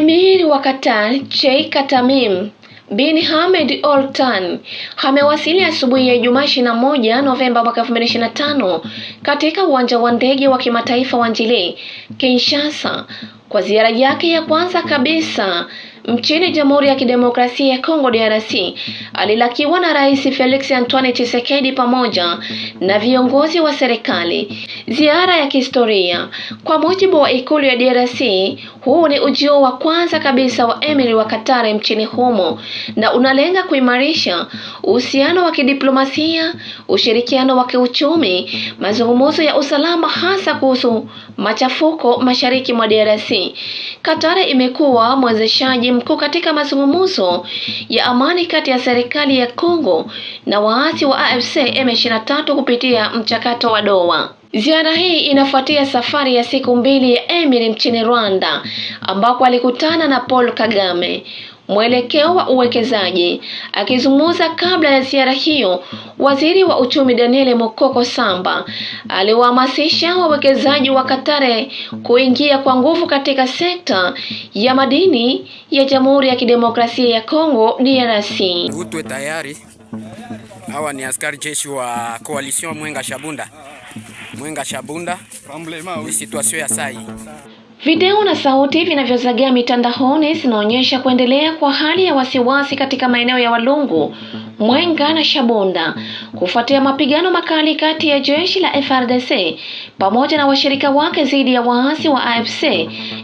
Emir wa Qatar Sheikh Tamim bin hamed Al Thani amewasili asubuhi ya Ijumaa 21 Novemba mwaka 2025 katika uwanja wa ndege wa kimataifa wa Njili, Kinshasa kwa ziara yake ya kwanza kabisa nchini Jamhuri ya Kidemokrasia ya Kongo DRC. Alilakiwa na Rais Felix Antoine Tshisekedi pamoja na viongozi wa serikali. Ziara ya kihistoria kwa mujibu wa ikulu ya DRC. Huu ni ujio wa kwanza kabisa wa Emir wa katare mchini humo na unalenga kuimarisha uhusiano wa kidiplomasia, ushirikiano wa kiuchumi, mazungumzo ya usalama, hasa kuhusu machafuko mashariki mwa DRC. katare imekuwa mwezeshaji mkuu katika mazungumzo ya amani kati ya serikali ya Kongo na waasi wa AFC M23 kupitia mchakato wa Doha. Ziara hii inafuatia safari ya siku mbili ya Emily nchini Rwanda ambako alikutana na Paul Kagame mwelekeo wa uwekezaji. Akizungumza kabla ya ziara hiyo, waziri wa uchumi Daniel Mokoko Samba aliwahamasisha wawekezaji wa Katare kuingia kwa nguvu katika sekta ya madini ya Jamhuri ya Kidemokrasia ya Kongo DRC. Tutwe tayari Hawa ni askari jeshi wa koalisyon Mwenga Shabunda, Mwenga Shabunda, ni situation ya sai. Video na sauti vinavyozagia mitandaoni zinaonyesha kuendelea kwa hali ya wasiwasi katika maeneo ya Walungu, Mwenga na Shabunda kufuatia mapigano makali kati ya jeshi la frdc pamoja na washirika wake dhidi ya waasi wa AFC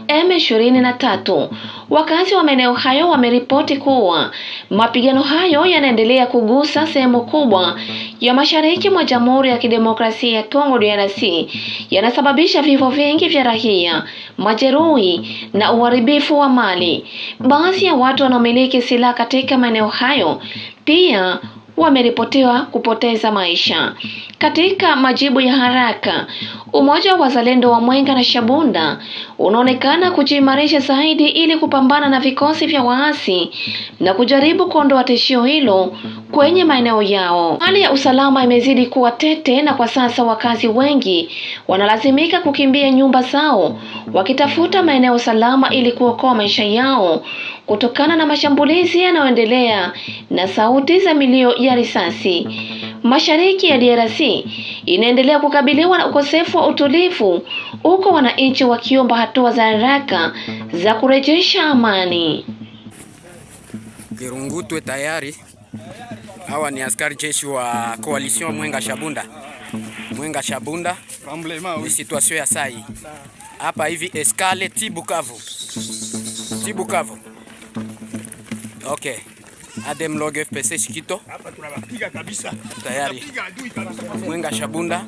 M23 Wakazi wa maeneo hayo wameripoti kuwa mapigano hayo yanaendelea kugusa sehemu kubwa ya mashariki mwa Jamhuri ya Kidemokrasia ya Kongo DRC, yanasababisha vifo vingi vya raia, majeruhi na uharibifu wa mali. Baadhi ya watu wanaomiliki silaha katika maeneo hayo pia wameripotiwa kupoteza maisha. Katika majibu ya haraka, Umoja wa Wazalendo wa Mwenga na Shabunda unaonekana kujiimarisha zaidi ili kupambana na vikosi vya waasi na kujaribu kuondoa tishio hilo kwenye maeneo yao. Hali ya usalama imezidi kuwa tete, na kwa sasa wakazi wengi wanalazimika kukimbia nyumba zao wakitafuta maeneo salama ili kuokoa maisha yao kutokana na mashambulizi yanayoendelea na sauti za milio ya risasi. Mashariki ya DRC inaendelea kukabiliwa na ukosefu wa utulivu, huko wananchi wakiomba hatua za haraka za kurejesha amani. Kirungutwe tayari. Hawa ni askari jeshi wa koalisyon Mwenga Shabunda, Mwenga Shabunda. Ni situation ya sai hapa hivi, eskale Tibukavu, Tibukavu Ok. Adem Log FPC Shikito. Hapa tunawapiga kabisa. Tayari. Mwenga Shabunda.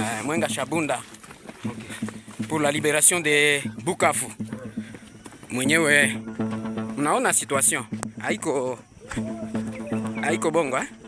Eh, Mwenga Shabunda. Okay. Pour la libération de Bukavu. Mwenyewe mnaona situation. Haiko haiko bongo eh?